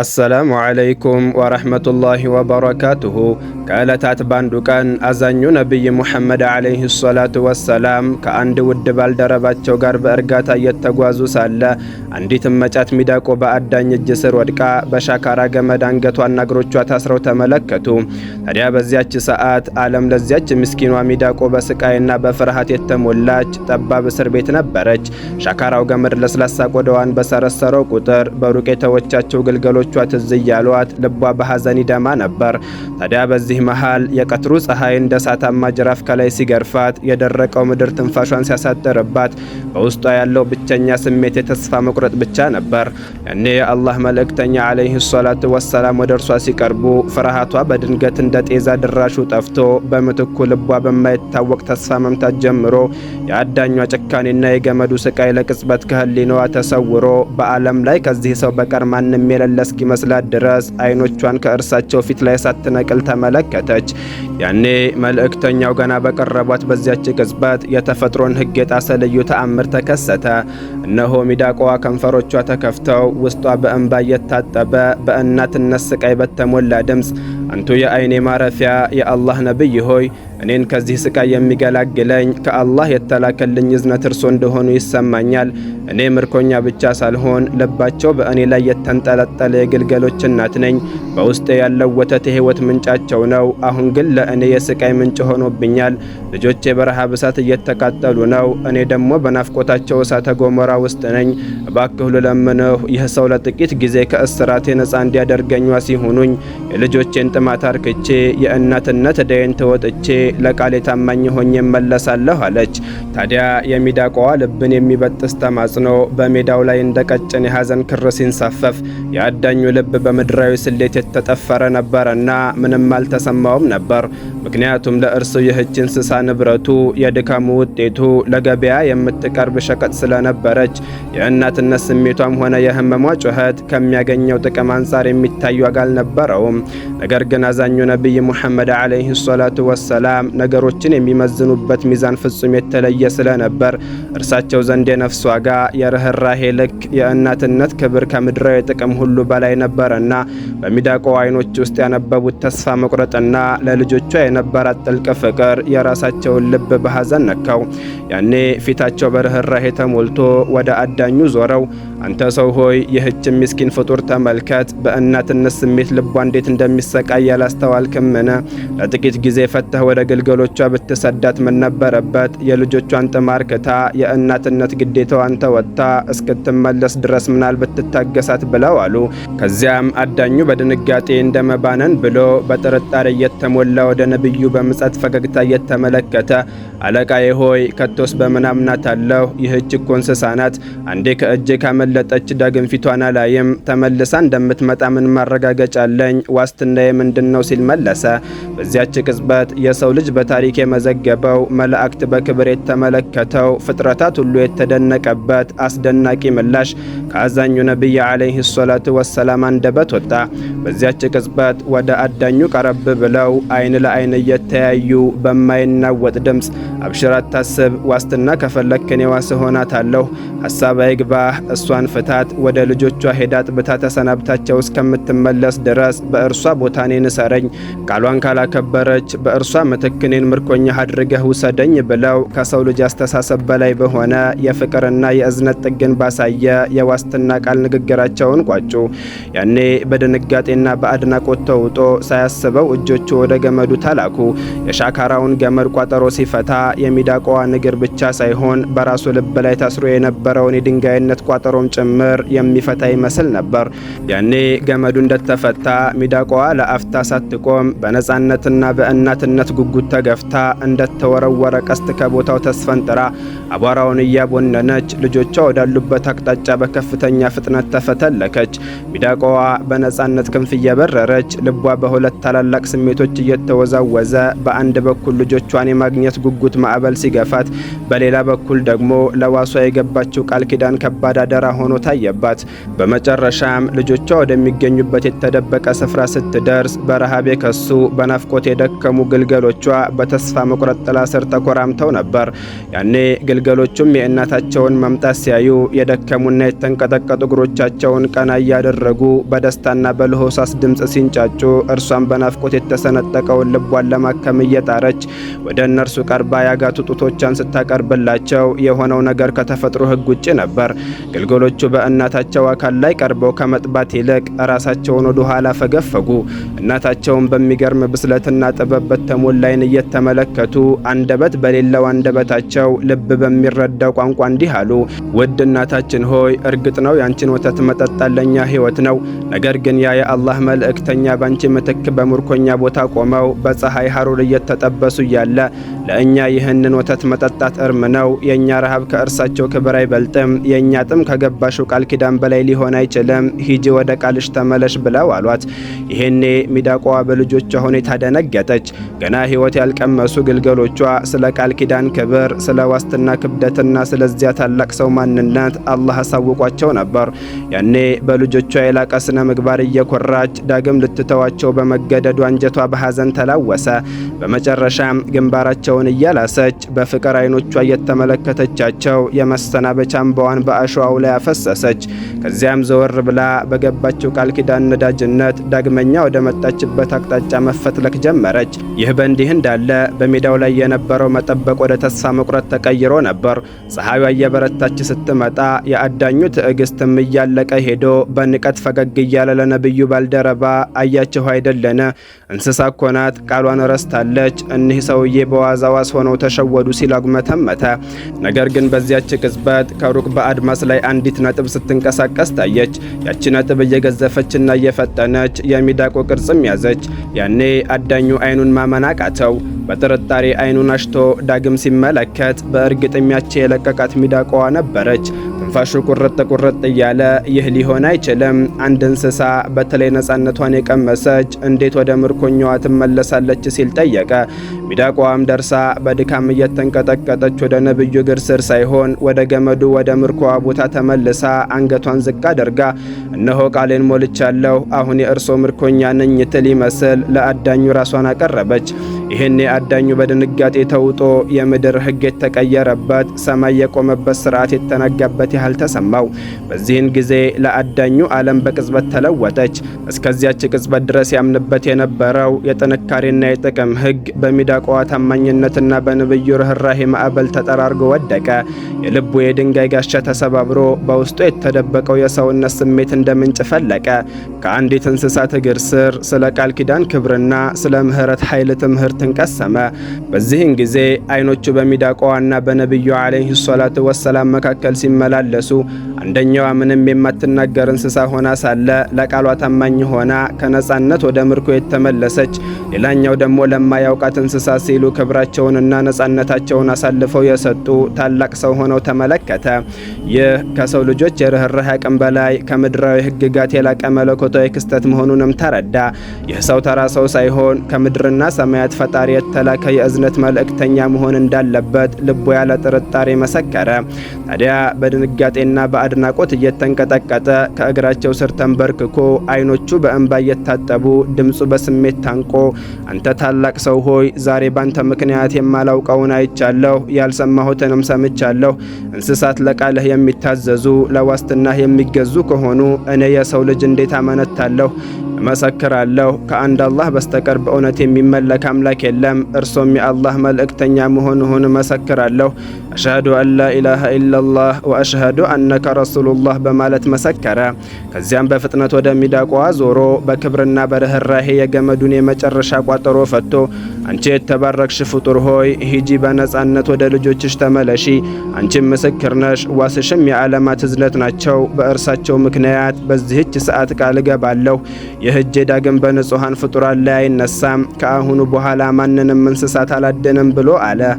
አሰላሙ ዓለይኩም ወረሕመቱላሂ ወበረካቱሁ። ከዕለታት ባንዱ ቀን አዛኙ ነቢይ ሙሐመድ ዓለይህ ሰላቱ ወሰላም ከአንድ ውድ ባልደረባቸው ጋር በእርጋታ እየተጓዙ ሳለ አንዲት መጫት ሚዳቆ በአዳኝ እጅ ስር ወድቃ በሻካራ ገመድ አንገቷና እግሮቿ ታስረው ተመለከቱ። ታዲያ በዚያች ሰዓት ዓለም ለዚያች ምስኪኗ ሚዳቆ በስቃይና በፍርሃት የተሞላች ጠባብ እስር ቤት ነበረች። ሻካራው ገመድ ለስላሳ ቆዳዋን በሰረሰረው ቁጥር በሩቅ የተወቻቸው ግልገሎች ቃሎቿ ትዝ እያሏት ልቧ በሐዘን ይደማ ነበር። ታዲያ በዚህ መሃል የቀትሩ ፀሐይ እንደ እሳታማ ጅራፍ ከላይ ሲገርፋት፣ የደረቀው ምድር ትንፋሿን ሲያሳጥርባት በውስጧ ያለው ብቸኛ ስሜት የተስፋ መቁረጥ ብቻ ነበር። ያኔ የአላህ መልእክተኛ ዓለይህ ሰላቱ ወሰላም ወደ እርሷ ሲቀርቡ ፍርሃቷ በድንገት እንደ ጤዛ ድራሹ ጠፍቶ በምትኩ ልቧ በማይታወቅ ተስፋ መምታት ጀምሮ የአዳኟ ጭካኔና የገመዱ ስቃይ ለቅጽበት ከህሊናዋ ተሰውሮ በዓለም ላይ ከዚህ ሰው በቀር ማንም የሌለ እስኪመስላት ድረስ አይኖቿን ከእርሳቸው ፊት ላይ ሳትነቅል ተመለከተች። ያኔ መልእክተኛው ገና በቀረቧት በዚያች ቅጽበት የተፈጥሮን ሕግ የጣሰ ልዩ ተአምር ተከሰተ። እነሆ ሚዳቋዋ ከንፈሮቿ ተከፍተው ውስጧ በእንባ እየታጠበ በእናትነት ስቃይ በተሞላ ድምፅ አንቱ የአይኔ ማረፊያ የአላህ ነቢይ ሆይ እኔን ከዚህ ስቃይ የሚገላግለኝ ከአላህ የተላከልኝ እዝነት እርሶ እንደሆኑ ይሰማኛል። እኔ ምርኮኛ ብቻ ሳልሆን ልባቸው በእኔ ላይ የተንጠለጠለ የግልገሎች እናት ነኝ። በውስጤ ያለው ወተት የህይወት ምንጫቸው ነው። አሁን ግን ለእኔ የስቃይ ምንጭ ሆኖብኛል። ልጆቼ በረሃብ እሳት እየተቃጠሉ ነው። እኔ ደግሞ በናፍቆታቸው እሳተ ገሞራ ውስጥ ነኝ። እባክህ ልለምንህ፣ ይህ ሰው ለጥቂት ጊዜ ከእስራቴ ነፃ እንዲያደርገኝ ዋስ ይሁኑኝ። የልጆቼን ከጥማት አርክቼ የእናትነት ደይን ተወጥቼ ለቃሌ ታማኝ ሆኜ እመለሳለሁ አለች። ታዲያ የሚዳቋዋ ልብን የሚበጥስ ተማጽኖ በሜዳው ላይ እንደ ቀጭን የሐዘን ክር ሲንሳፈፍ የአዳኙ ልብ በምድራዊ ስሌት የተጠፈረ ነበርና ምንም አልተሰማውም ነበር። ምክንያቱም ለእርሱ ይህች እንስሳ ንብረቱ፣ የድካሙ ውጤቱ፣ ለገበያ የምትቀርብ ሸቀጥ ስለነበረች የእናትነት ስሜቷም ሆነ የህመሟ ጩኸት ከሚያገኘው ጥቅም አንጻር የሚታይ ዋጋ አልነበረውም። ነገር አገናዛኙ ነቢይ ሙሐመድ ዓለይህ ሰላቱ ወሰላም ነገሮችን የሚመዝኑበት ሚዛን ፍጹም የተለየ ስለነበር እርሳቸው ዘንድ የነፍስ ዋጋ የርኅራሄ ልክ የእናትነት ክብር ከምድራዊ ጥቅም ሁሉ በላይ ነበረና በሚዳቆ አይኖች ውስጥ ያነበቡት ተስፋ መቁረጥና ለልጆቿ የነበራት ጥልቅ ፍቅር የራሳቸውን ልብ በሐዘን ነካው። ያኔ ፊታቸው በርኅራሄ ተሞልቶ ወደ አዳኙ ዞረው አንተ ሰው ሆይ ይህችን ምስኪን ፍጡር ተመልከት፣ በእናትነት ስሜት ልቧ እንዴት እንደሚሰቃይ ያላስተዋልክምን? ለጥቂት ጊዜ ፈተህ ወደ ግልገሎቿ ብትሰዳት ምን ነበረበት? የልጆቿን ጥማር ክታ የእናትነት ግዴታዋን ተወጥታ እስክትመለስ ድረስ ምናል ብትታገሳት ብለው አሉ። ከዚያም አዳኙ በድንጋጤ እንደመባነን ብሎ በጥርጣሬ እየተሞላ ወደ ነቢዩ በምጸት ፈገግታ እየተመለከተ አለቃዬ ሆይ ከቶስ በምናምናት አለሁ ይህች እኮ እንስሳ ናት። አንዴ ከእጄ ካመለጠች ዳግም ፊቷን አላይም። ተመልሳ እንደምትመጣ ምን ማረጋገጫ አለኝ? ዋስትናዬ ምንድን ነው? ሲል መለሰ። በዚያች ቅጽበት የሰው ልጅ በታሪክ የመዘገበው መላእክት በክብር የተመለከተው ፍጥረ ድፍረታት ሁሉ የተደነቀበት አስደናቂ ምላሽ ከአዛኙ ነቢይ ዓለይሂ ሰላቱ ወሰላም አንደበት ወጣ። በዚያች ቅጽበት ወደ አዳኙ ቀረብ ብለው አይን ለአይን እየተያዩ በማይናወጥ ድምፅ አብሽር፣ አታስብ፣ ዋስትና ከፈለክ እኔ ዋስ ሆናታለሁ፣ ሀሳብ አይግባህ፣ እሷን ፍታት፣ ወደ ልጆቿ ሄዳ ጥብታ ተሰናብታቸው እስከምትመለስ ድረስ በእርሷ ቦታ እኔን እሰረኝ፣ ቃሏን ካላከበረች በእርሷ ምትክ እኔን ምርኮኛ አድርገህ ውሰደኝ ብለው ከሰው ልጅ አስተሳሰብ በላይ በሆነ የፍቅርና የእዝነት ጥግን ባሳየ የዋስትና ቃል ንግግራቸውን ቋጩ። ያኔ በድንጋጤና በአድናቆት ተውጦ ሳያስበው እጆቹ ወደ ገመዱ ተላኩ። የሻካራውን ገመድ ቋጠሮ ሲፈታ የሚዳቋዋ ንግር ብቻ ሳይሆን በራሱ ልብ ላይ ታስሮ የነበረውን የድንጋይነት ቋጠሮም ጭምር የሚፈታ ይመስል ነበር። ያኔ ገመዱ እንደተፈታ ሚዳቋዋ ለአፍታ ሳትቆም በነፃነትና በእናትነት ጉጉት ተገፍታ እንደተወረወረ ቀስት ከቦታው ተስፈንጥራ አቧራውን እያቦነነች ልጆቿ ወዳሉበት አቅጣጫ በከፍተኛ ፍጥነት ተፈተለከች። ሚዳቋዋ በነጻነት ክንፍ እየበረረች ልቧ በሁለት ታላላቅ ስሜቶች እየተወዛወዘ በአንድ በኩል ልጆቿን የማግኘት ጉጉት ማዕበል ሲገፋት፣ በሌላ በኩል ደግሞ ለዋሷ የገባችው ቃል ኪዳን ከባድ አደራ ሆኖ ታየባት። በመጨረሻም ልጆቿ ወደሚገኙበት የተደበቀ ስፍራ ስትደርስ በረሃብ የከሱ በናፍቆት የደከሙ ግልገሎቿ በተስፋ መቁረጥ ጥላ ስር ተኮራምተው ነበር። ያኔ ግልገሎ ሌሎቹም የእናታቸውን መምጣት ሲያዩ የደከሙና የተንቀጠቀጡ እግሮቻቸውን ቀና እያደረጉ በደስታና በልሆሳስ ድምፅ ሲንጫጩ እርሷን በናፍቆት የተሰነጠቀውን ልቧን ለማከም እየጣረች ወደ እነርሱ ቀርባ ያጋቱ ጡቶቿን ስታቀርብላቸው የሆነው ነገር ከተፈጥሮ ሕግ ውጭ ነበር። ግልገሎቹ በእናታቸው አካል ላይ ቀርበው ከመጥባት ይልቅ ራሳቸውን ወደ ኋላ ፈገፈጉ። እናታቸውን በሚገርም ብስለትና ጥበብ በተሞላ ዓይን እየተመለከቱ አንደበት በሌለው አንደበታቸው ልብ በሚ በሚረዳው ቋንቋ እንዲህ አሉ። ውድ እናታችን ሆይ እርግጥ ነው ያንቺን ወተት መጠጣት ለእኛ ሕይወት ነው። ነገር ግን ያ የአላህ መልእክተኛ ባንቺ ምትክ በምርኮኛ ቦታ ቆመው በፀሐይ ሐሩር እየተጠበሱ እያለ ለእኛ ይህንን ወተት መጠጣት እርም ነው። የእኛ ረሃብ ከእርሳቸው ክብር አይበልጥም። የእኛ ጥም ከገባሽው ቃል ኪዳን በላይ ሊሆን አይችልም። ሂጂ ወደ ቃልሽ ተመለሽ ብለው አሏት። ይሄኔ ሚዳቋዋ በልጆቿ ሁኔታ ደነገጠች። ገና ሕይወት ያልቀመሱ ግልገሎቿ ስለ ቃል ኪዳን ክብር፣ ስለ ዋስትና ክብር ስደትና ስለዚያ ታላቅ ሰው ማንነት አላህ አሳውቋቸው ነበር። ያኔ በልጆቿ የላቀ ስነ ምግባር እየኮራች ዳግም ልትተዋቸው በመገደዱ አንጀቷ በሐዘን ተላወሰ። በመጨረሻም ግንባራቸውን እያላሰች በፍቅር አይኖቿ እየተመለከተቻቸው የመሰናበቻ እንባዋን በአሸዋው ላይ አፈሰሰች። ከዚያም ዘወር ብላ በገባችው ቃል ኪዳን ነዳጅነት ዳግመኛ ወደ መጣችበት አቅጣጫ መፈትለክ ጀመረች። ይህ በእንዲህ እንዳለ በሜዳው ላይ የነበረው መጠበቅ ወደ ተስፋ መቁረጥ ተቀይሮ ነበር። ነበር። ፀሐዩ እየበረታች ስትመጣ የአዳኙ ትዕግስትም እያለቀ ሄዶ በንቀት ፈገግ እያለ ለነብዩ ባልደረባ አያችሁ አይደለነ እንስሳ ኮናት ቃሏን ረስታለች፣ እኒህ ሰውዬ በዋዛዋስ ሆነው ተሸወዱ ሲል አጉመተመተ። ነገር ግን በዚያች ቅጽበት ከሩቅ በአድማስ ላይ አንዲት ነጥብ ስትንቀሳቀስ ታየች። ያቺ ነጥብ እየገዘፈችና እየፈጠነች የሚዳቆ ቅርጽም ያዘች። ያኔ አዳኙ አይኑን ማመናቃተው በጥርጣሬ አይኑን አሽቶ ዳግም ሲመለከት በእርግጥ ያቺ የለቀቃት ሚዳቋዋ ነበረች። ትንፋሹ ቁርጥ ቁርጥ እያለ ይህ ሊሆን አይችልም፣ አንድ እንስሳ በተለይ ነፃነቷን የቀመሰች እንዴት ወደ ምርኮኛዋ ትመለሳለች ሲል ጠየቀ። ሚዳቋዋም ደርሳ በድካም እየተንቀጠቀጠች ወደ ነብዩ እግር ስር ሳይሆን ወደ ገመዱ ወደ ምርኮዋ ቦታ ተመልሳ አንገቷን ዝቅ አድርጋ እነሆ ቃሌን ሞልቻለሁ፣ አሁን የእርሶ ምርኮኛ ነኝ ትል ይመስል ለአዳኙ ራሷን አቀረበች። ይህኔ አዳኙ በድንጋጤ ተውጦ የምድር ሕግ የተቀየረበት ሰማይ የቆመበት ስርዓት የተነጋበት ያህል ተሰማው። በዚህን ጊዜ ለአዳኙ ዓለም በቅጽበት ተለወጠች። እስከዚያች ቅጽበት ድረስ ያምንበት የነበረው የጥንካሬና የጥቅም ሕግ በሚዳቋዋ ታማኝነትና በንብዩ ርኅራሄ ማዕበል ተጠራርጎ ወደቀ። የልቡ የድንጋይ ጋሻ ተሰባብሮ በውስጡ የተደበቀው የሰውነት ስሜት እንደ ምንጭ ፈለቀ። ከአንዲት እንስሳት እግር ስር ስለ ቃል ኪዳን ክብርና ስለ ምሕረት ኃይል ትምህርት ተንቀሰመ። በዚህን ጊዜ አይኖቹ በሚዳቋዋና በነቢዩ ዓለይሂ ሰላቱ ወሰላም መካከል ሲመላለሱ አንደኛዋ ምንም የማትናገር እንስሳ ሆና ሳለ ለቃሏ ታማኝ ሆና ከነጻነት ወደ ምርኮ የተመለሰች፣ ሌላኛው ደግሞ ለማያውቃት እንስሳ ሲሉ ክብራቸውንና ነጻነታቸውን አሳልፈው የሰጡ ታላቅ ሰው ሆነው ተመለከተ። ይህ ከሰው ልጆች የርኅራህ አቅም በላይ ከምድራዊ ሕግጋት የላቀ መለኮታዊ ክስተት መሆኑንም ተረዳ። ይህ ሰው ተራ ሰው ሳይሆን ከምድርና ሰማያት ከፈጣሪ የተላከ የእዝነት መልእክተኛ መሆን እንዳለበት ልቡ ያለ ጥርጣሬ መሰከረ። ታዲያ በድንጋጤና በአድናቆት እየተንቀጠቀጠ ከእግራቸው ስር ተንበርክኮ አይኖቹ በእንባ እየታጠቡ ድምፁ በስሜት ታንቆ አንተ ታላቅ ሰው ሆይ ዛሬ ባንተ ምክንያት የማላውቀውን አይቻለሁ፣ ያልሰማሁትንም ሰምቻለሁ። እንስሳት ለቃልህ የሚታዘዙ ለዋስትናህ የሚገዙ ከሆኑ እኔ የሰው ልጅ እንዴት አመነታለሁ? እመሰክራለሁ ከአንድ አላህ በስተቀር በእውነት የሚመለክ አምላክ የለም፣ እርሶም የአላህ መልእክተኛ መሆንሁን እመሰክራለሁ። አሽሃዱ አን ላኢላሃ ኢላላህ ወአሽሃዱ አነከ ረሱሉላህ በማለት መሰከረ። ከዚያም በፍጥነት ወደ ሚዳቋ ዞሮ በክብርና በርህራሄ የገመዱን የመጨረሻ ቋጠሮ ፈቶ አንቺ የተባረክሽ ፍጡር ሆይ ሂጂ በነጻነት ወደ ልጆችሽ ተመለሺ። አንቺም ምስክር ነሽ፣ ዋስሽም የዓለማት ህዝነት ናቸው። በእርሳቸው ምክንያት በዚህች ሰዓት ቃል እገባለሁ፣ የህጄ ዳግም በንጹሐን ፍጡራን ላይ አይነሳም፣ ከአሁኑ በኋላ ማንንም እንስሳት አላደንም ብሎ አለ።